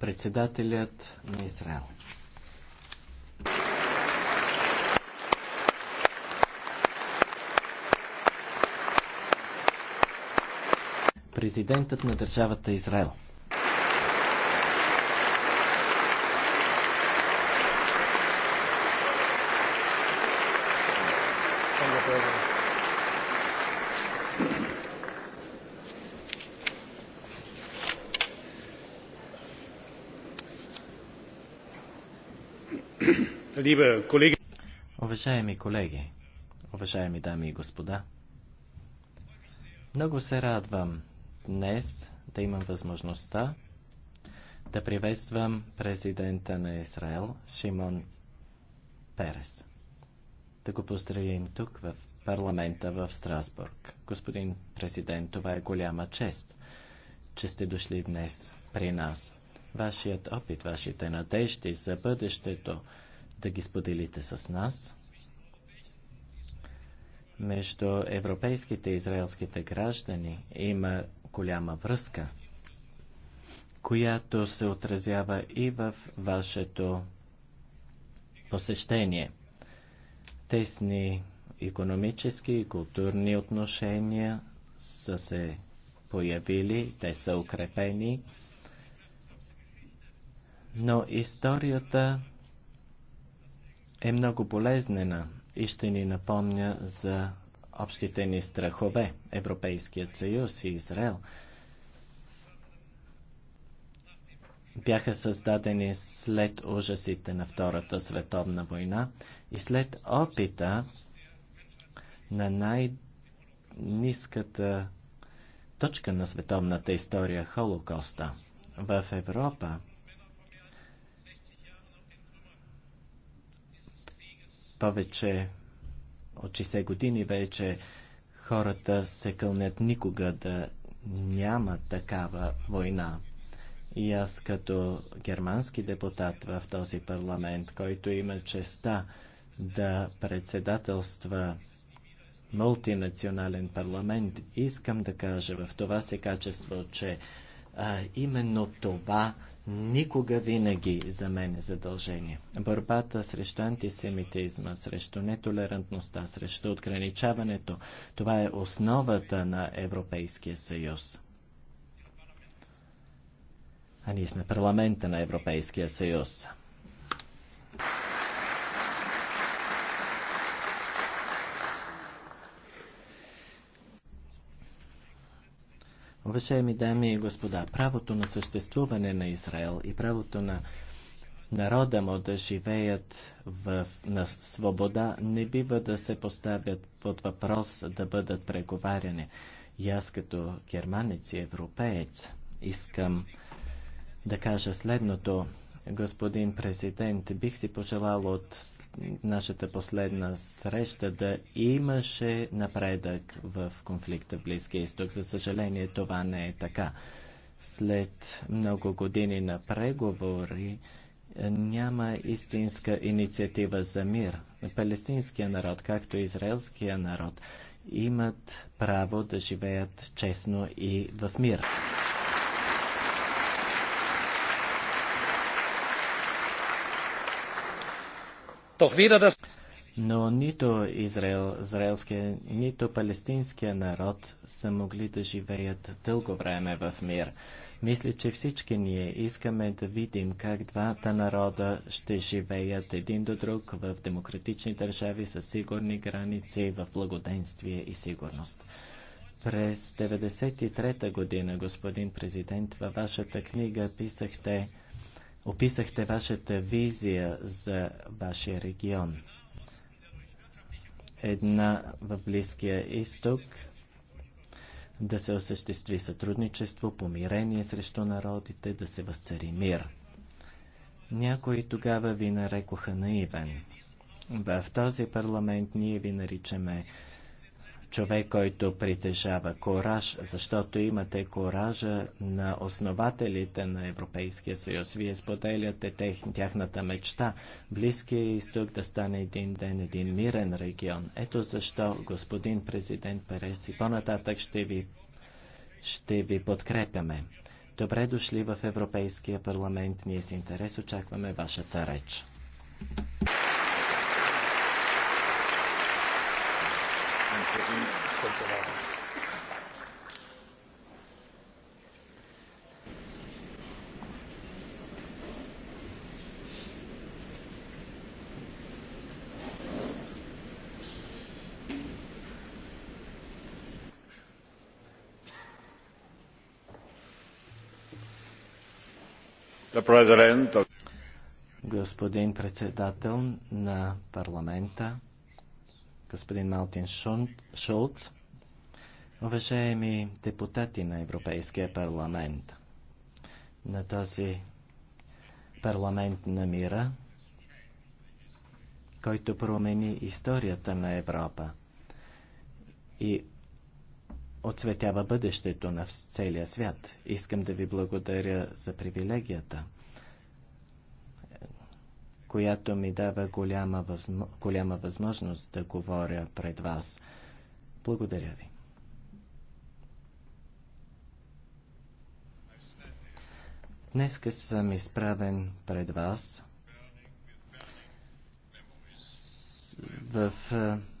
Председателят на Израел. Президентът на държавата Израел. Liebe Уважаеми колеги, уважаеми дами и господа, много се радвам днес да имам възможността да приветствам президента на Израел Шимон Перес. Да го поздравим тук в парламента в Страсбург. Господин президент, това е голяма чест, че сте дошли днес при нас. Вашият опит, вашите надежди за бъдещето да ги споделите с нас. Между европейските и израелските граждани има голяма връзка, която се отразява и в вашето посещение. Тесни економически и културни отношения са се появили, те са укрепени, но историята е много болезнена и ще ни напомня за общите ни страхове, Европейският съюз и Израел. бяха създадени след ужасите на Втората световна война и след опита на най-низката точка на световната история Холокоста. В Европа повече от 60 години вече хората се кълнят никога да няма такава война. И аз като германски депутат в този парламент, който има честа да председателства мултинационален парламент, искам да кажа в това се качество, че а, именно това никога винаги за мен е задължение. Борбата срещу антисемитизма, срещу нетолерантността, срещу отграничаването, това е основата на Европейския съюз. А ние сме парламента на Европейския съюз. Уважаеми дами и господа, правото на съществуване на Израел и правото на народа му да живеят в, на свобода не бива да се поставят под въпрос да бъдат преговаряне. И аз като германец и европеец искам да кажа следното. Господин президент, бих си пожелал от нашата последна среща да имаше напредък в конфликта в Близкия изток. За съжаление, това не е така. След много години на преговори е, няма истинска инициатива за мир. Палестинския народ, както и израелския народ, имат право да живеят честно и в мир. Doch weder das но нито Израел, израелския, нито палестинския народ са могли да живеят дълго време в мир. Мисля, че всички ние искаме да видим как двата народа ще живеят един до друг в демократични държави с сигурни граници, в благоденствие и сигурност. През 1993 година, господин президент, във вашата книга писахте Описахте вашата визия за вашия регион. Една в Близкия изток да се осъществи сътрудничество, помирение срещу народите, да се възцари мир. Някои тогава ви нарекоха наивен. В този парламент ние ви наричаме човек, който притежава кораж, защото имате коража на основателите на Европейския съюз. Вие споделяте тех, тяхната мечта Близкия изток да стане един ден един мирен регион. Ето защо господин президент Перес и по-нататък ще ви, ще ви подкрепяме. Добре дошли в Европейския парламент. Ние с интерес очакваме вашата реч. Господин председател на парламента, господин Малтин Шулц, уважаеми депутати на Европейския парламент, на този парламент на мира, който промени историята на Европа и оцветява бъдещето на целия свят. Искам да ви благодаря за привилегията която ми дава голяма, възмо... голяма възможност да говоря пред вас. Благодаря ви. Днеска съм изправен пред вас в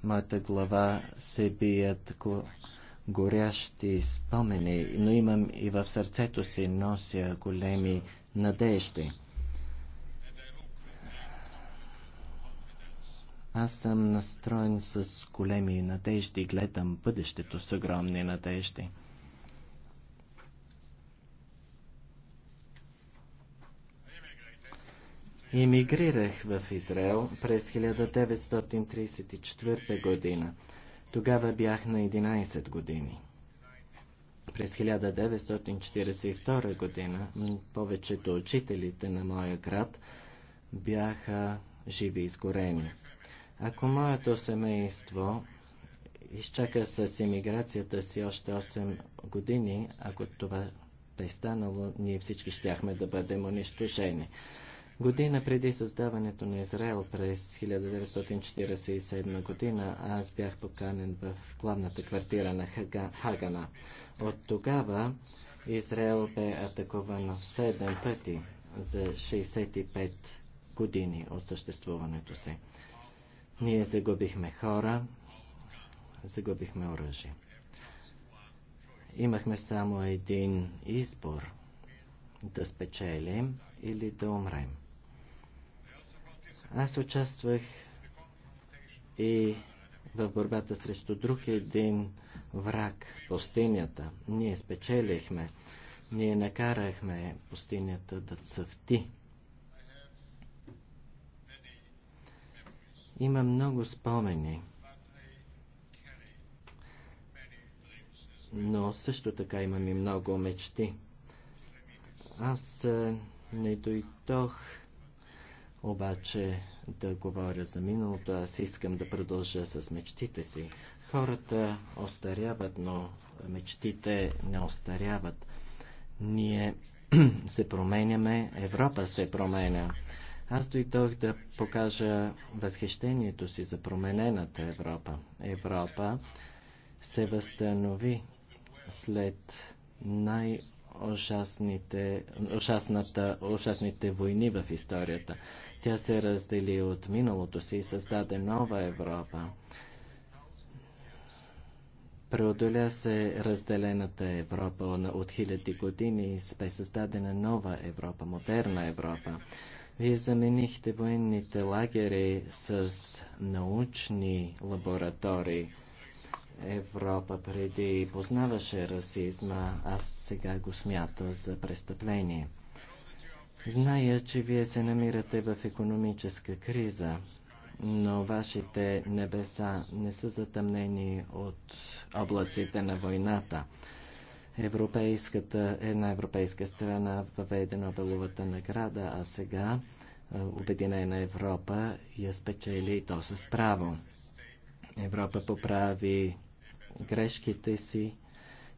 моята глава се бият горящи спомени, но имам и в сърцето си нося големи надежди. Аз съм настроен с големи надежди, гледам бъдещето с огромни надежди. Имигрирах в Израел през 1934 година. Тогава бях на 11 години. През 1942 година повечето учителите на моя град бяха живи изгорени. Ако моето семейство изчака с емиграцията си още 8 години, ако това бе станало, ние всички щяхме да бъдем унищожени. Година преди създаването на Израел през 1947 година аз бях поканен в главната квартира на Хага, Хагана. От тогава Израел бе атакувано 7 пъти за 65 години от съществуването си. Ние загубихме хора, загубихме оръжие. Имахме само един избор да спечелим или да умрем. Аз участвах и в борбата срещу друг един враг, пустинята. Ние спечелихме, ние накарахме пустинята да цъфти. Има много спомени. Но също така имам и много мечти. Аз е, не дойдох обаче да говоря за миналото. Аз искам да продължа с мечтите си. Хората остаряват, но мечтите не остаряват. Ние се променяме, Европа се променя. Аз дойдох да покажа възхищението си за променената Европа. Европа се възстанови след най- ужасните, ужасната, ужасните войни в историята. Тя се раздели от миналото си и създаде нова Европа. Преодоля се разделената Европа от хиляди години и бе създадена нова Европа, модерна Европа. Вие заменихте военните лагери с научни лаборатории. Европа преди познаваше расизма, аз сега го смята за престъпление. Зная, че вие се намирате в економическа криза, но вашите небеса не са затъмнени от облаците на войната европейската, една европейска страна въведе Нобеловата награда, а сега е, Обединена Европа я спечели и то с право. Европа поправи грешките си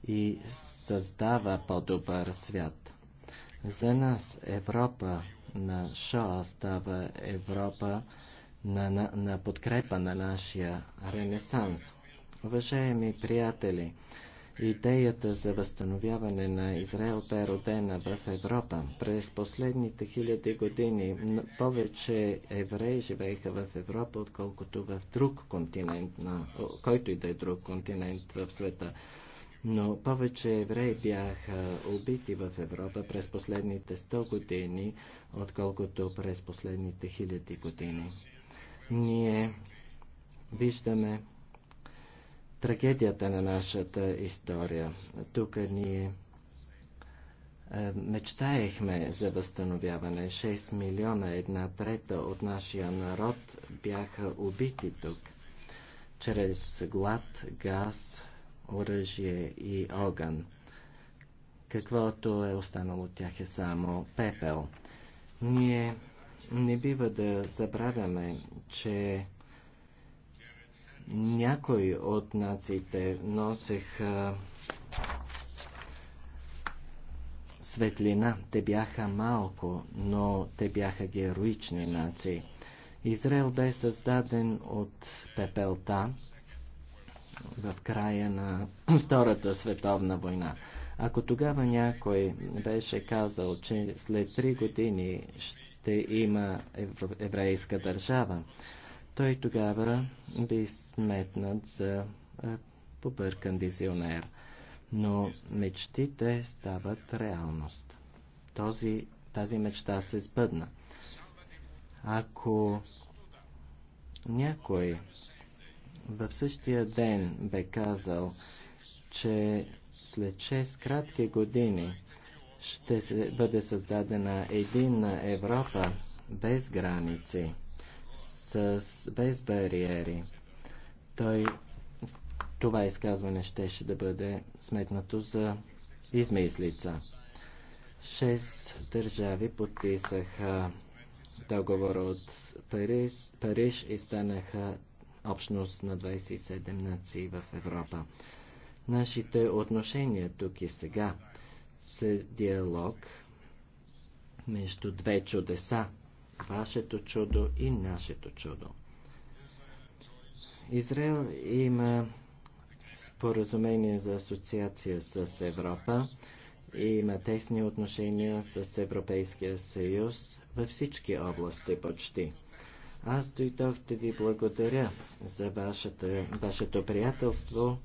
и създава по-добър свят. За нас Европа на Шоа става Европа на, на, на подкрепа на нашия ренесанс. Уважаеми приятели, Идеята за възстановяване на Израел бе родена в Европа. През последните хиляди години повече евреи живееха в Европа, отколкото в друг континент, на, който и да е друг континент в света. Но повече евреи бяха убити в Европа през последните 100 години, отколкото през последните хиляди години. Ние виждаме трагедията на нашата история. Тук ние е, мечтаехме за възстановяване. 6 милиона, една трета от нашия народ бяха убити тук чрез глад, газ, оръжие и огън. Каквото е останало от тях е само пепел. Ние не бива да забравяме, че някои от нациите носеха светлина. Те бяха малко, но те бяха героични нации. Израел бе създаден от пепелта в края на Втората световна война. Ако тогава някой беше казал, че след три години ще има еврейска държава, той тогава би сметнат за побъркан визионер. Но мечтите стават реалност. Този, тази мечта се сбъдна. Ако някой в същия ден бе казал, че след 6 кратки години ще бъде създадена единна Европа без граници, с, без бариери. Той, това изказване щеше да бъде сметнато за измислица. Шест държави подписаха договор от Париз, Париж и станаха общност на 27 нации в Европа. Нашите отношения тук и сега са диалог между две чудеса вашето чудо и нашето чудо. Израел има споразумение за асоциация с Европа и има тесни отношения с Европейския съюз във всички области почти. Аз дойдох да ви благодаря за вашата, вашето приятелство,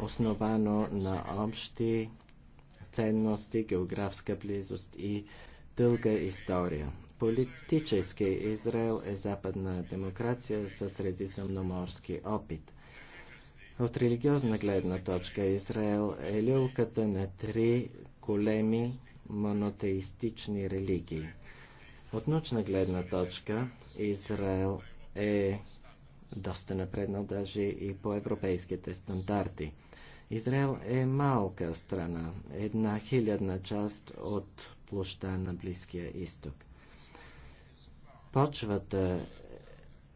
основано на общи ценности, географска близост и дълга история политически. Израел е западна демокрация със средиземноморски опит. От религиозна гледна точка Израел е люлката на три големи монотеистични религии. От научна гледна точка Израел е доста напреднал даже и по европейските стандарти. Израел е малка страна, една хилядна част от площа на Близкия изток. Почвата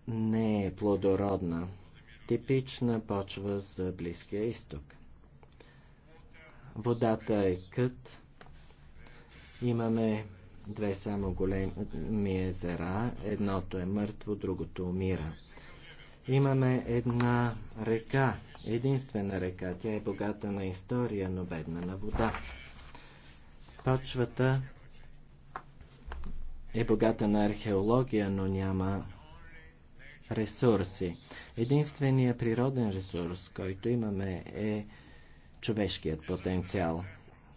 не е плодородна, типична почва за Близкия изток. Водата е кът. Имаме две само големи езера. Едното е мъртво, другото умира. Имаме една река, единствена река. Тя е богата на история, но бедна на вода. Почвата е богата на археология, но няма ресурси. Единственият природен ресурс, който имаме е човешкият потенциал.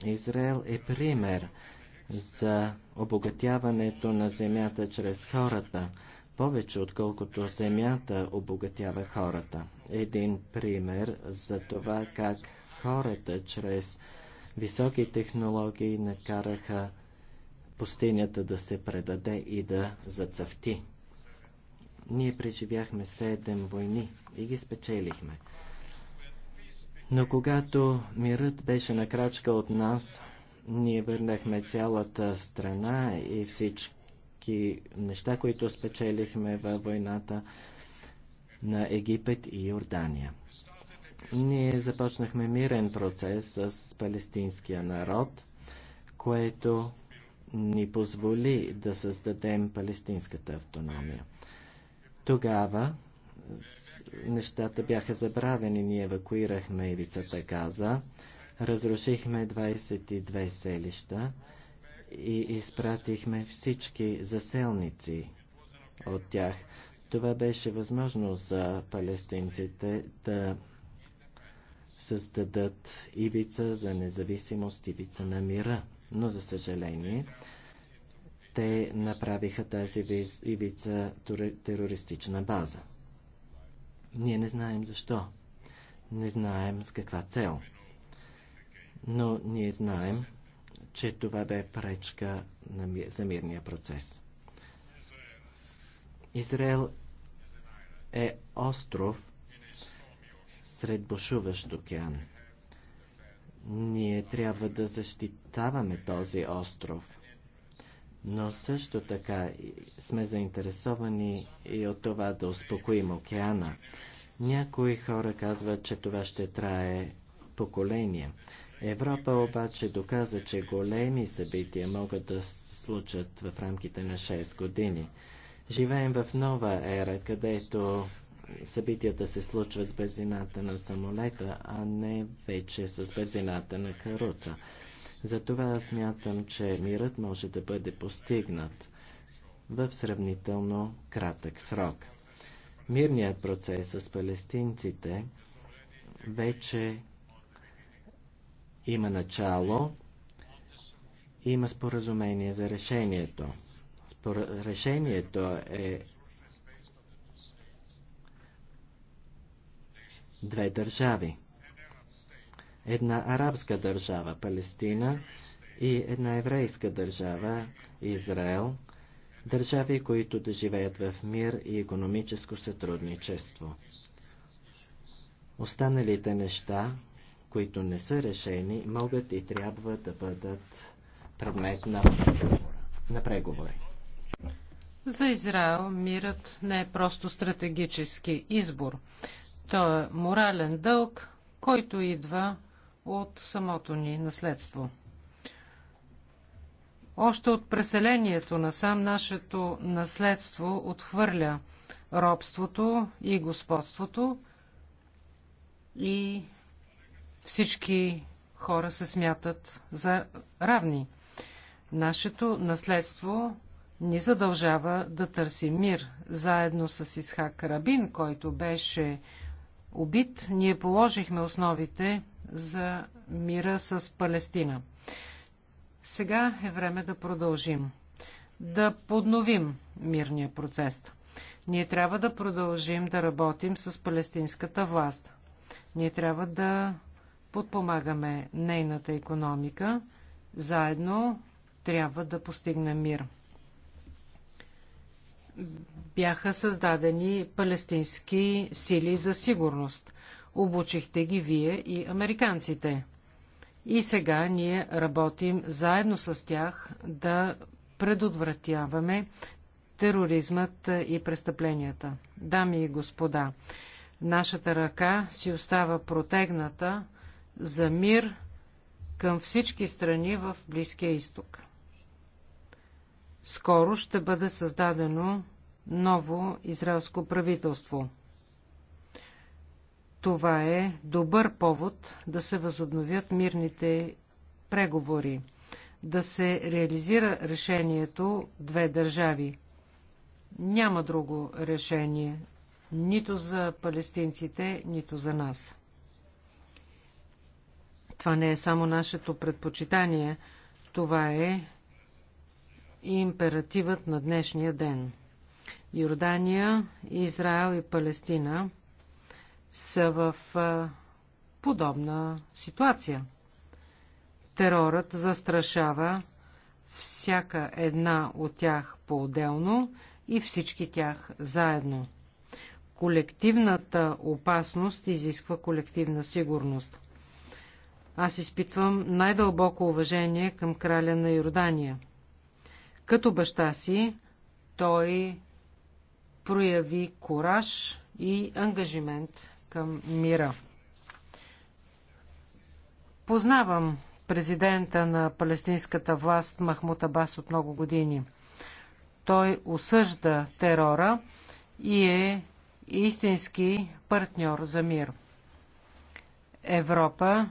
Израел е пример за обогатяването на земята чрез хората, повече отколкото земята обогатява хората. Един пример за това как хората чрез високи технологии накараха пустинята да се предаде и да зацъфти. Ние преживяхме седем войни и ги спечелихме. Но когато мирът беше на крачка от нас, ние върнахме цялата страна и всички неща, които спечелихме във войната на Египет и Йордания. Ние започнахме мирен процес с палестинския народ, което ни позволи да създадем палестинската автономия. Тогава нещата бяха забравени. Ние евакуирахме ивицата Газа, разрушихме 22 селища и изпратихме всички заселници от тях. Това беше възможно за палестинците да създадат ивица за независимост, ивица на мира но за съжаление те направиха тази ивица терористична база. Ние не знаем защо. Не знаем с каква цел. Но ние знаем, че това бе пречка за мирния процес. Израел е остров сред бушуващ океан. Ние трябва да защитаваме този остров. Но също така сме заинтересовани и от това да успокоим океана. Някои хора казват, че това ще трае поколения. Европа обаче доказа, че големи събития могат да се случат в рамките на 6 години. Живеем в нова ера, където събитията се случват с бързината на самолета, а не вече с бързината на каруца. Затова аз смятам, че мирът може да бъде постигнат в сравнително кратък срок. Мирният процес с палестинците вече има начало, и има споразумение за решението. Спор... Решението е две държави. Една арабска държава Палестина и една еврейска държава Израел, държави, които да живеят в мир и економическо сътрудничество. Останалите неща, които не са решени, могат и трябва да бъдат предмет на, на преговори. За Израел мирът не е просто стратегически избор. Той е морален дълг, който идва от самото ни наследство. Още от преселението насам нашето наследство отхвърля робството и господството и всички хора се смятат за равни. Нашето наследство ни задължава да търсим мир, заедно с Исхак Рабин, който беше убит, ние положихме основите за мира с Палестина. Сега е време да продължим, да подновим мирния процес. Ние трябва да продължим да работим с палестинската власт. Ние трябва да подпомагаме нейната економика. Заедно трябва да постигнем мир бяха създадени палестински сили за сигурност. Обучихте ги вие и американците. И сега ние работим заедно с тях да предотвратяваме тероризмът и престъпленията. Дами и господа, нашата ръка си остава протегната за мир към всички страни в Близкия изток. Скоро ще бъде създадено ново израелско правителство. Това е добър повод да се възобновят мирните преговори, да се реализира решението две държави. Няма друго решение, нито за палестинците, нито за нас. Това не е само нашето предпочитание, това е императивът на днешния ден. Йордания, Израел и Палестина са в подобна ситуация. Терорът застрашава всяка една от тях по-отделно и всички тях заедно. Колективната опасност изисква колективна сигурност. Аз изпитвам най-дълбоко уважение към краля на Йордания. Като баща си, той прояви кораж и ангажимент към мира. Познавам президента на палестинската власт Махмут Абас от много години. Той осъжда терора и е истински партньор за мир. Европа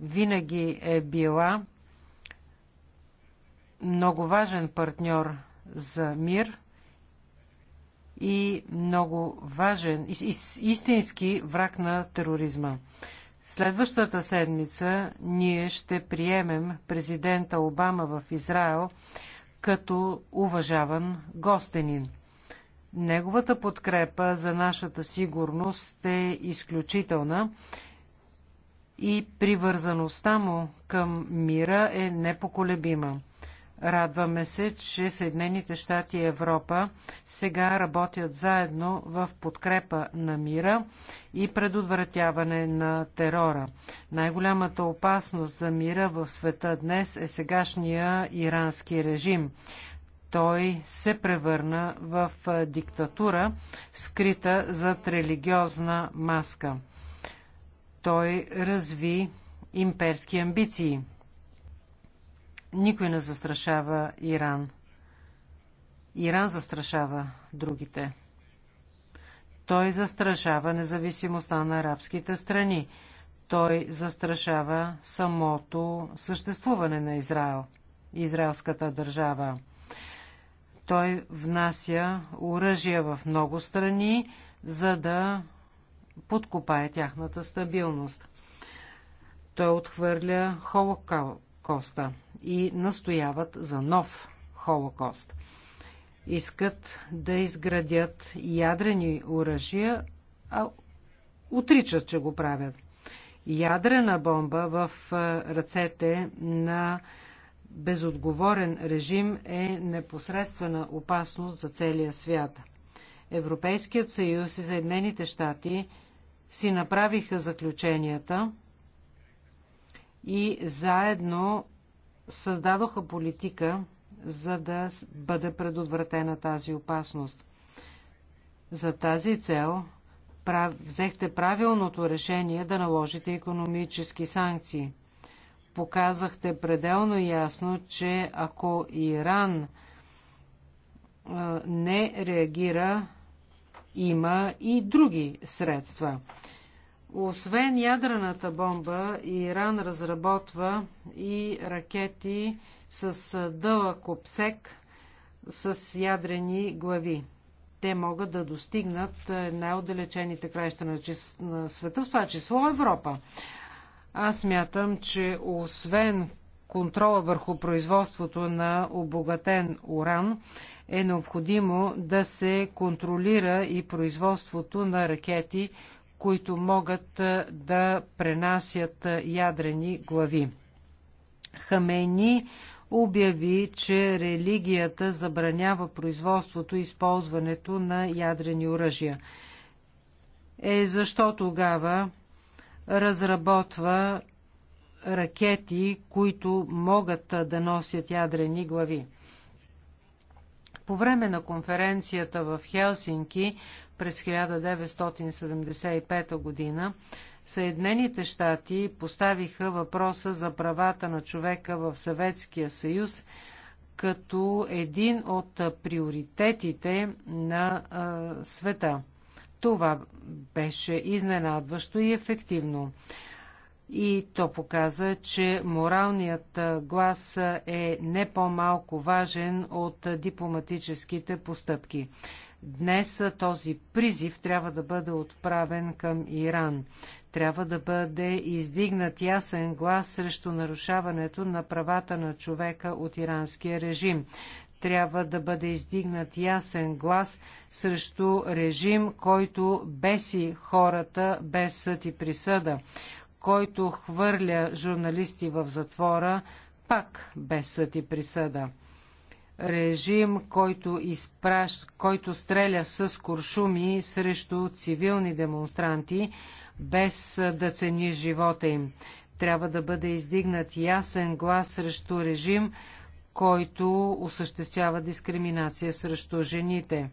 винаги е била много важен партньор за мир и много важен, истински враг на тероризма. Следващата седмица ние ще приемем президента Обама в Израел като уважаван гостенин. Неговата подкрепа за нашата сигурност е изключителна и привързаността му към мира е непоколебима. Радваме се, че Съединените щати и Европа сега работят заедно в подкрепа на мира и предотвратяване на терора. Най-голямата опасност за мира в света днес е сегашния ирански режим. Той се превърна в диктатура, скрита зад религиозна маска. Той разви имперски амбиции – никой не застрашава Иран. Иран застрашава другите. Той застрашава независимостта на арабските страни. Той застрашава самото съществуване на Израел, израелската държава. Той внася оръжия в много страни, за да подкопае тяхната стабилност. Той отхвърля холокау... Холокоста и настояват за нов Холокост. Искат да изградят ядрени оръжия, а отричат, че го правят. Ядрена бомба в ръцете на безотговорен режим е непосредствена опасност за целия свят. Европейският съюз и Съединените щати си направиха заключенията – и заедно създадоха политика, за да бъде предотвратена тази опасност. За тази цел прав... взехте правилното решение да наложите економически санкции. Показахте пределно ясно, че ако Иран не реагира, има и други средства. Освен ядрената бомба, Иран разработва и ракети с дълъг обсек с ядрени глави. Те могат да достигнат най-отдалечените краища на, чис... на света, в това число Европа. Аз мятам, че освен контрола върху производството на обогатен уран, е необходимо да се контролира и производството на ракети, които могат да пренасят ядрени глави. Хамени обяви, че религията забранява производството и използването на ядрени оръжия. Е, защо тогава разработва ракети, които могат да носят ядрени глави? По време на конференцията в Хелсинки през 1975 г., Съединените щати поставиха въпроса за правата на човека в Съветския съюз като един от приоритетите на а, света. Това беше изненадващо и ефективно и то показа, че моралният глас е не по-малко важен от дипломатическите постъпки. Днес този призив трябва да бъде отправен към Иран. Трябва да бъде издигнат ясен глас срещу нарушаването на правата на човека от иранския режим. Трябва да бъде издигнат ясен глас срещу режим, който беси хората без съд и присъда който хвърля журналисти в затвора, пак без съд и присъда. Режим, който, изпращ, който стреля с куршуми срещу цивилни демонстранти, без да цени живота им. Трябва да бъде издигнат ясен глас срещу режим, който осъществява дискриминация срещу жените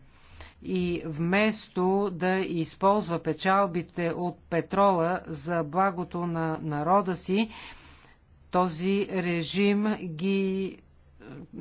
и вместо да използва печалбите от петрола за благото на народа си, този режим ги е,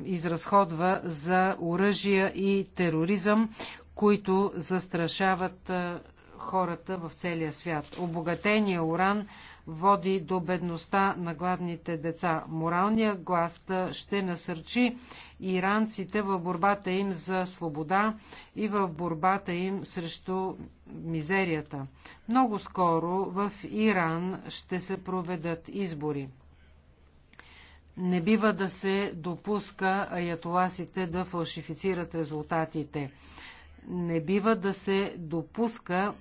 изразходва за оръжия и тероризъм, които застрашават е, хората в целия свят. Обогатения уран води до бедността на гладните деца. Моралният глас ще насърчи иранците в борбата им за свобода и в борбата им срещу мизерията. Много скоро в Иран ще се проведат избори. Не бива да се допуска аятоласите да фалшифицират резултатите. Не бива да се допуска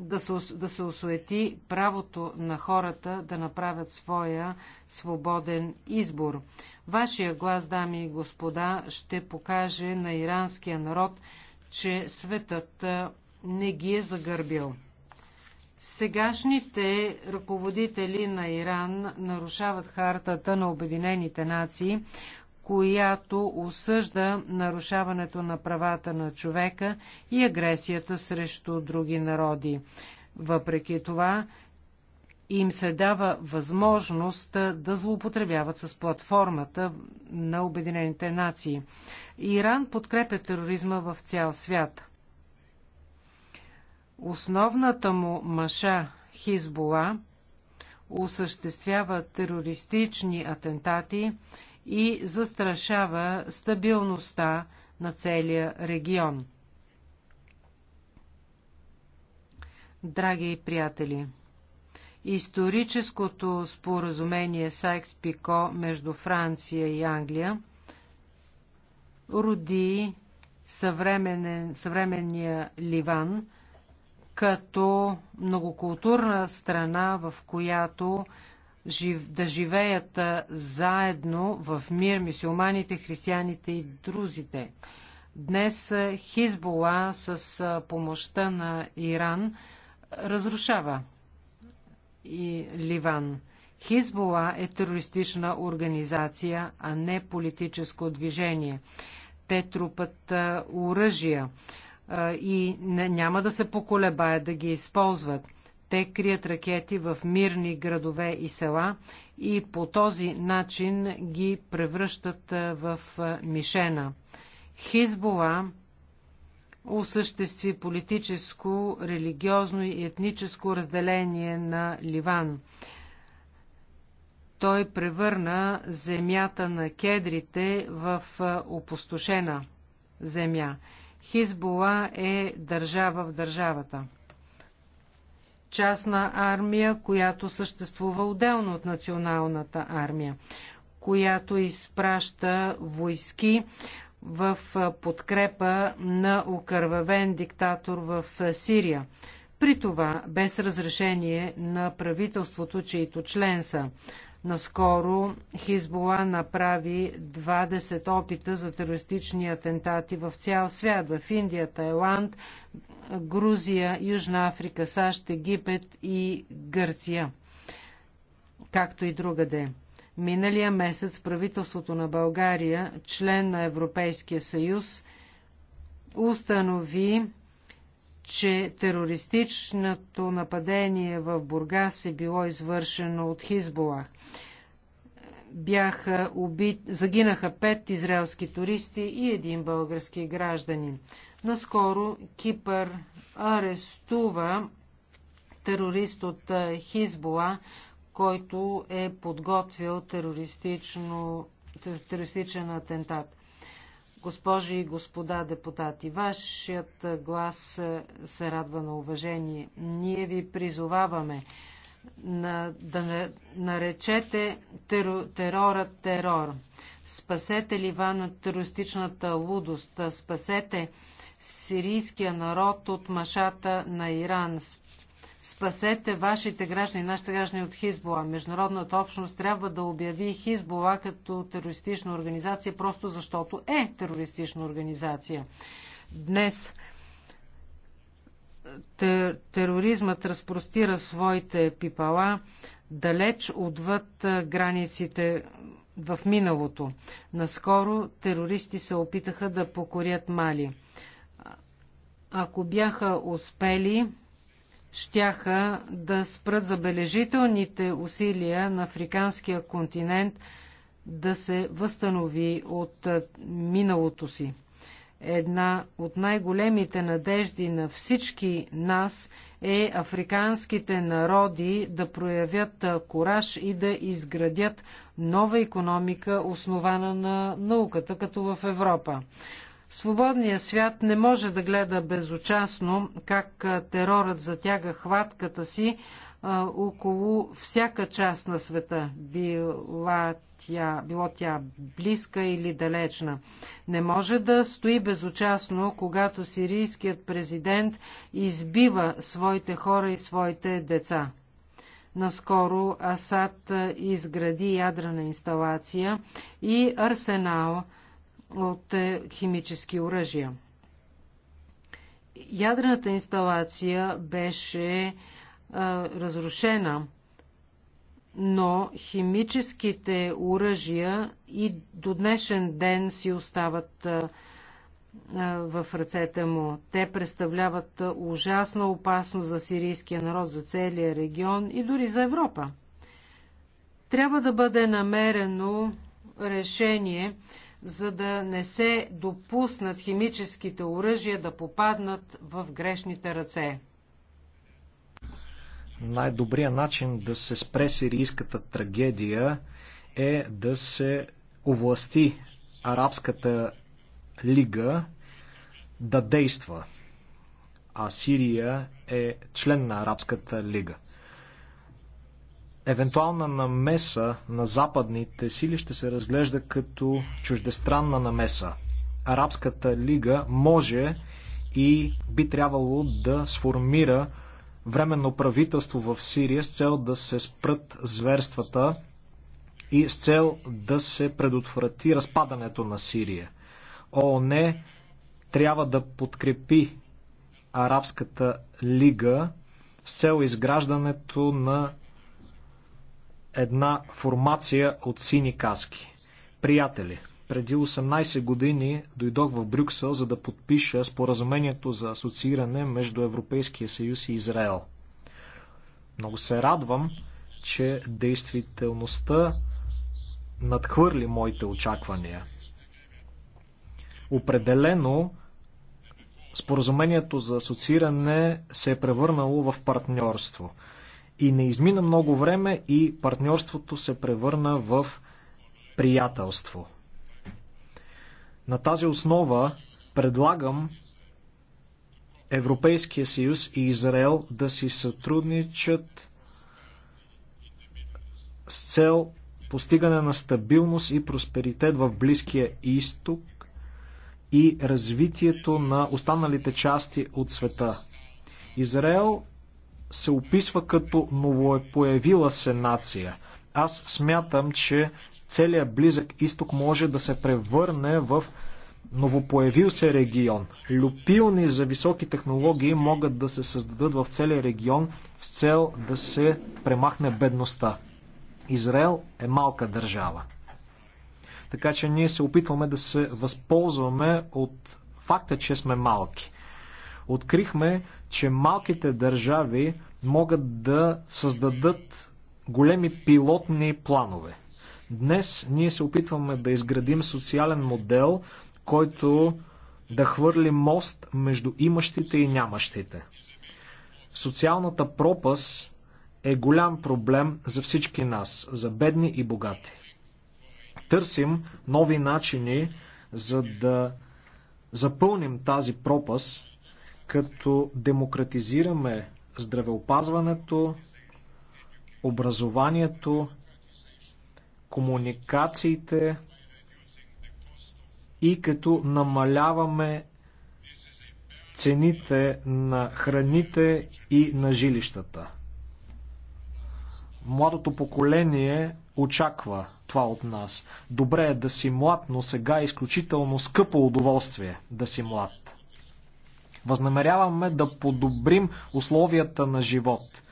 да се, да се осуети правото на хората да направят своя свободен избор. Вашия глас, дами и господа, ще покаже на иранския народ, че светът не ги е загърбил. Сегашните ръководители на Иран нарушават хартата на Обединените нации, която осъжда нарушаването на правата на човека и агресията срещу други народи. Въпреки това, им се дава възможност да злоупотребяват с платформата на Обединените нации. Иран подкрепя тероризма в цял свят. Основната му маша Хизбола осъществява терористични атентати и застрашава стабилността на целия регион. Драги приятели, историческото споразумение Сайкс-Пико между Франция и Англия роди съвременен, съвременния Ливан като многокултурна страна, в която жив, да живеят заедно в мир мисюлманите, християните и друзите. Днес Хизбола с помощта на Иран разрушава и Ливан. Хизбола е терористична организация, а не политическо движение. Те трупат оръжия и не, няма да се поколебаят да ги използват. Те крият ракети в мирни градове и села и по този начин ги превръщат в мишена. Хизбола осъществи политическо, религиозно и етническо разделение на Ливан. Той превърна земята на кедрите в опустошена земя. Хизбола е държава в държавата частна армия, която съществува отделно от националната армия, която изпраща войски в подкрепа на окървавен диктатор в Сирия. При това без разрешение на правителството, чието член са. Наскоро Хизбола направи 20 опита за терористични атентати в цял свят, в Индия, Тайланд, Грузия, Южна Африка, САЩ, Египет и Гърция, както и другаде. Миналия месец правителството на България, член на Европейския съюз, установи че терористичното нападение в Бургас е било извършено от Хизболах. Бяха убит, загинаха пет израелски туристи и един български гражданин. Наскоро Кипър арестува терорист от Хизбола, който е подготвил терористично, терористичен атентат. Госпожи и господа депутати, вашият глас се радва на уважение. Ние ви призоваваме на, да наречете теро, терора терор. Спасете Ливан от терористичната лудост. Спасете сирийския народ от машата на Иран. Спасете вашите граждани, нашите граждани от Хизбола. Международната общност трябва да обяви Хизбола като терористична организация, просто защото е терористична организация. Днес тер, тероризмът разпростира своите пипала далеч отвъд границите в миналото. Наскоро терористи се опитаха да покорят Мали. Ако бяха успели, щяха да спрат забележителните усилия на африканския континент да се възстанови от миналото си. Една от най-големите надежди на всички нас е африканските народи да проявят кораж и да изградят нова економика, основана на науката, като в Европа. Свободният свят не може да гледа безучастно как терорът затяга хватката си а, около всяка част на света, била тя, било тя близка или далечна. Не може да стои безучастно, когато сирийският президент избива своите хора и своите деца. Наскоро Асад изгради ядрена инсталация и арсенал – от е, химически оръжия. Ядрената инсталация беше а, е, разрушена, но химическите оръжия и до днешен ден си остават а, е, в ръцете му. Те представляват ужасна опасност за сирийския народ, за целия регион и дори за Европа. Трябва да бъде намерено решение за да не се допуснат химическите оръжия да попаднат в грешните ръце. Най-добрият начин да се спре сирийската трагедия е да се овласти Арабската лига да действа. А Сирия е член на Арабската лига евентуална намеса на западните сили ще се разглежда като чуждестранна намеса. Арабската лига може и би трябвало да сформира временно правителство в Сирия с цел да се спрат зверствата и с цел да се предотврати разпадането на Сирия. ООН трябва да подкрепи Арабската лига с цел изграждането на една формация от сини каски. Приятели, преди 18 години дойдох в Брюксел, за да подпиша споразумението за асоцииране между Европейския съюз и Израел. Много се радвам, че действителността надхвърли моите очаквания. Определено, споразумението за асоцииране се е превърнало в партньорство. И не измина много време и партньорството се превърна в приятелство. На тази основа предлагам Европейския съюз и Израел да си сътрудничат с цел постигане на стабилност и просперитет в Близкия изток и развитието на останалите части от света. Израел се описва като новопоявила се нация. Аз смятам, че целият близък изток може да се превърне в новопоявил се регион. Люпилни за високи технологии могат да се създадат в целия регион с цел да се премахне бедността. Израел е малка държава. Така че ние се опитваме да се възползваме от факта, че сме малки открихме, че малките държави могат да създадат големи пилотни планове. Днес ние се опитваме да изградим социален модел, който да хвърли мост между имащите и нямащите. Социалната пропаст е голям проблем за всички нас, за бедни и богати. Търсим нови начини, за да запълним тази пропаст като демократизираме здравеопазването, образованието, комуникациите и като намаляваме цените на храните и на жилищата. Младото поколение очаква това от нас. Добре е да си млад, но сега е изключително скъпо удоволствие да си млад. Възнамеряваме да подобрим условията на живот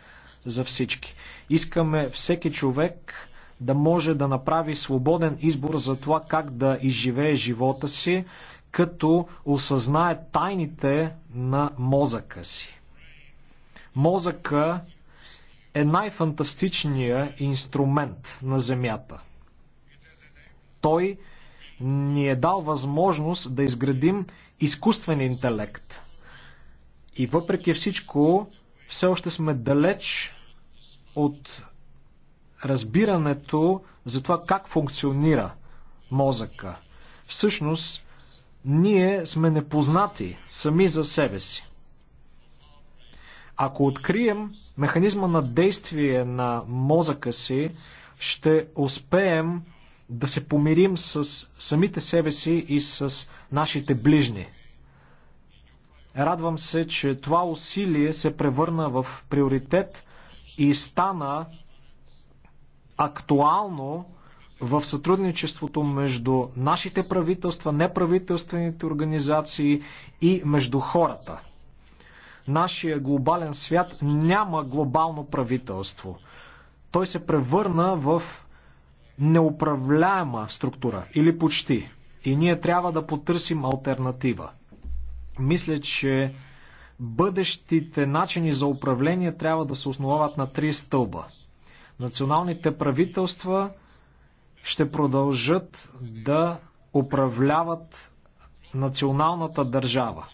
за всички. Искаме всеки човек да може да направи свободен избор за това как да изживее живота си, като осъзнае тайните на мозъка си. Мозъка е най-фантастичният инструмент на Земята. Той ни е дал възможност да изградим изкуствен интелект. И въпреки всичко, все още сме далеч от разбирането за това как функционира мозъка. Всъщност, ние сме непознати сами за себе си. Ако открием механизма на действие на мозъка си, ще успеем да се помирим с самите себе си и с нашите ближни. Радвам се, че това усилие се превърна в приоритет и стана актуално в сътрудничеството между нашите правителства, неправителствените организации и между хората. Нашия глобален свят няма глобално правителство. Той се превърна в неуправляема структура или почти. И ние трябва да потърсим альтернатива. Мисля, че бъдещите начини за управление трябва да се основават на три стълба. Националните правителства ще продължат да управляват националната държава.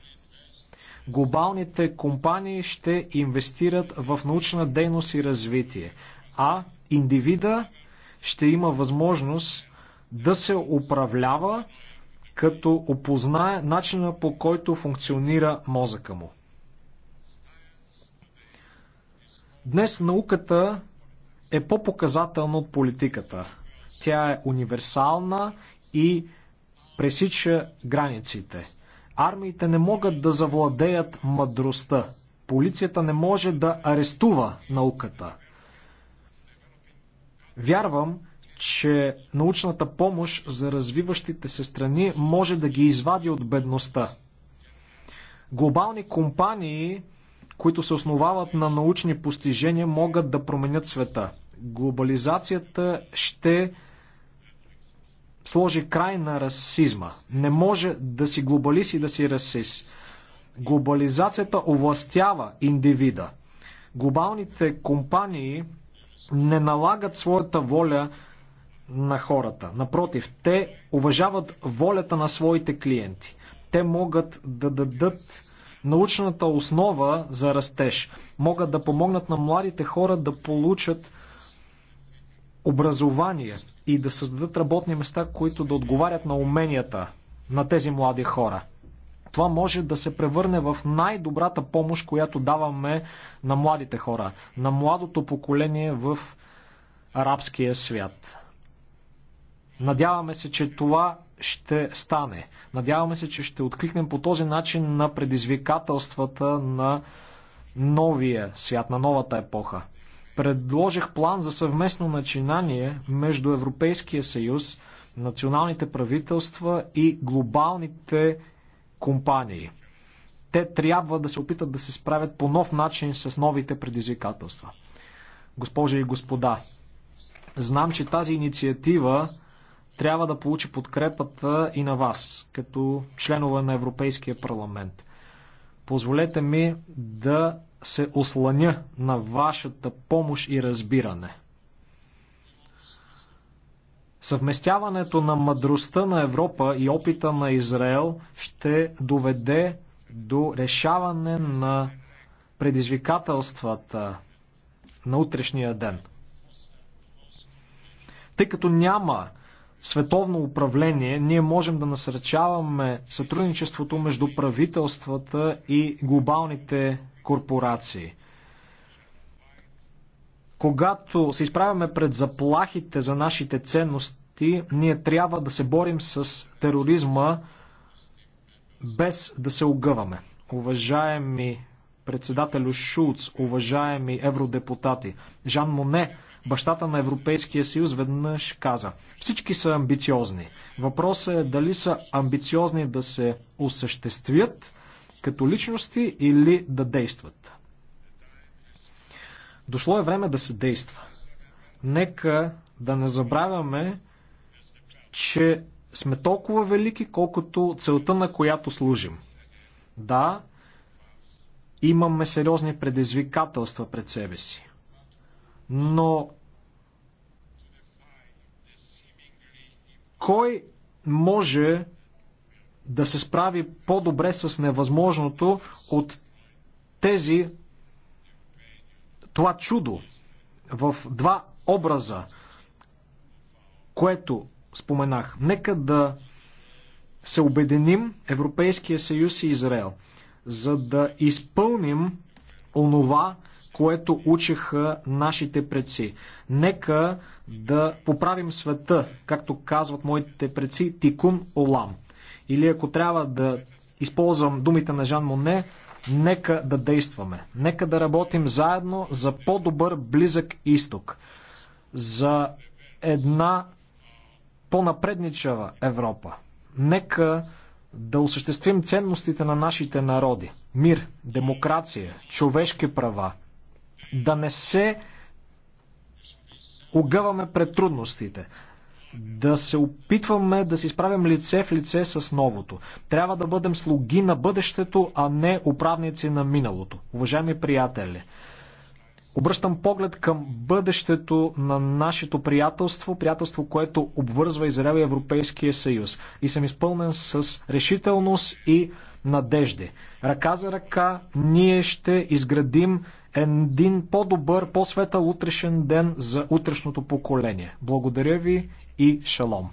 Глобалните компании ще инвестират в научна дейност и развитие, а индивида ще има възможност да се управлява като опознае начина по който функционира мозъка му. Днес науката е по-показателна от политиката. Тя е универсална и пресича границите. Армиите не могат да завладеят мъдростта. Полицията не може да арестува науката. Вярвам, че научната помощ за развиващите се страни може да ги извади от бедността. Глобални компании, които се основават на научни постижения, могат да променят света. Глобализацията ще сложи край на расизма. Не може да си глобалист и да си расист. Глобализацията овластява индивида. Глобалните компании не налагат своята воля на хората. Напротив, те уважават волята на своите клиенти. Те могат да дадат научната основа за растеж. Могат да помогнат на младите хора да получат образование и да създадат работни места, които да отговарят на уменията на тези млади хора. Това може да се превърне в най-добрата помощ, която даваме на младите хора, на младото поколение в арабския свят. Надяваме се, че това ще стане. Надяваме се, че ще откликнем по този начин на предизвикателствата на новия свят, на новата епоха. Предложих план за съвместно начинание между Европейския съюз, националните правителства и глобалните компании. Те трябва да се опитат да се справят по нов начин с новите предизвикателства. Госпожи и господа, знам, че тази инициатива трябва да получи подкрепата и на вас, като членове на Европейския парламент. Позволете ми да се осланя на вашата помощ и разбиране. Съвместяването на мъдростта на Европа и опита на Израел ще доведе до решаване на предизвикателствата на утрешния ден. Тъй като няма световно управление, ние можем да насърчаваме сътрудничеството между правителствата и глобалните корпорации. Когато се изправяме пред заплахите за нашите ценности, ние трябва да се борим с тероризма без да се огъваме. Уважаеми председателю Шулц, уважаеми евродепутати, Жан Моне бащата на Европейския съюз, веднъж каза, всички са амбициозни. Въпросът е дали са амбициозни да се осъществят като личности или да действат. Дошло е време да се действа. Нека да не забравяме, че сме толкова велики, колкото целта на която служим. Да, имаме сериозни предизвикателства пред себе си. Но кой може да се справи по-добре с невъзможното от тези това чудо в два образа, което споменах. Нека да се обединим Европейския съюз и Израел, за да изпълним онова, което учеха нашите предци. Нека да поправим света, както казват моите предци, тикун олам. Или ако трябва да използвам думите на Жан Моне, нека да действаме. Нека да работим заедно за по-добър близък изток. За една по-напредничава Европа. Нека да осъществим ценностите на нашите народи. Мир, демокрация, човешки права – да не се огъваме пред трудностите, да се опитваме да си справим лице в лице с новото. Трябва да бъдем слуги на бъдещето, а не управници на миналото. Уважаеми приятели, Обръщам поглед към бъдещето на нашето приятелство, приятелство, което обвързва Израел и Европейския съюз. И съм изпълнен с решителност и надежди. Ръка за ръка ние ще изградим един по-добър, по-светъл утрешен ден за утрешното поколение. Благодаря ви и шалом!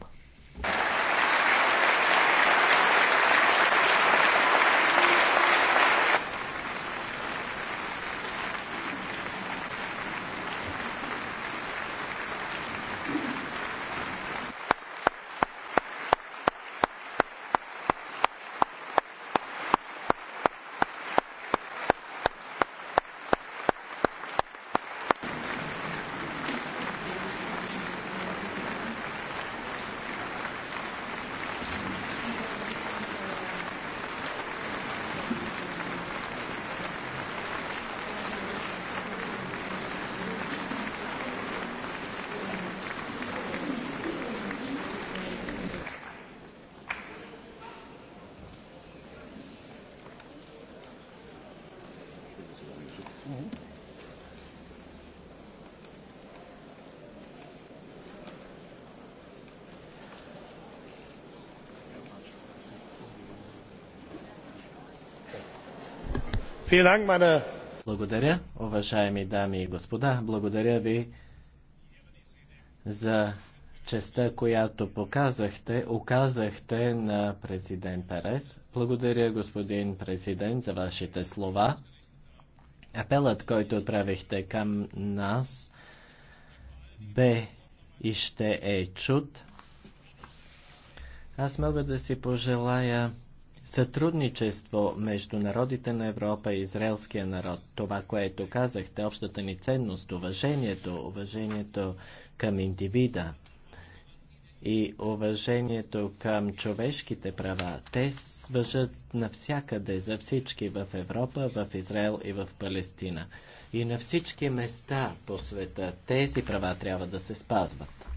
Благодаря, уважаеми дами и господа. Благодаря ви за честа, която показахте, оказахте на президент Перес. Благодаря, господин президент, за вашите слова. Апелът, който отправихте към нас, бе и ще е чуд. Аз мога да си пожелая сътрудничество между народите на Европа и израелския народ. Това, което казахте, общата ни ценност, уважението, уважението към индивида и уважението към човешките права, те свържат навсякъде за всички в Европа, в Израел и в Палестина. И на всички места по света тези права трябва да се спазват.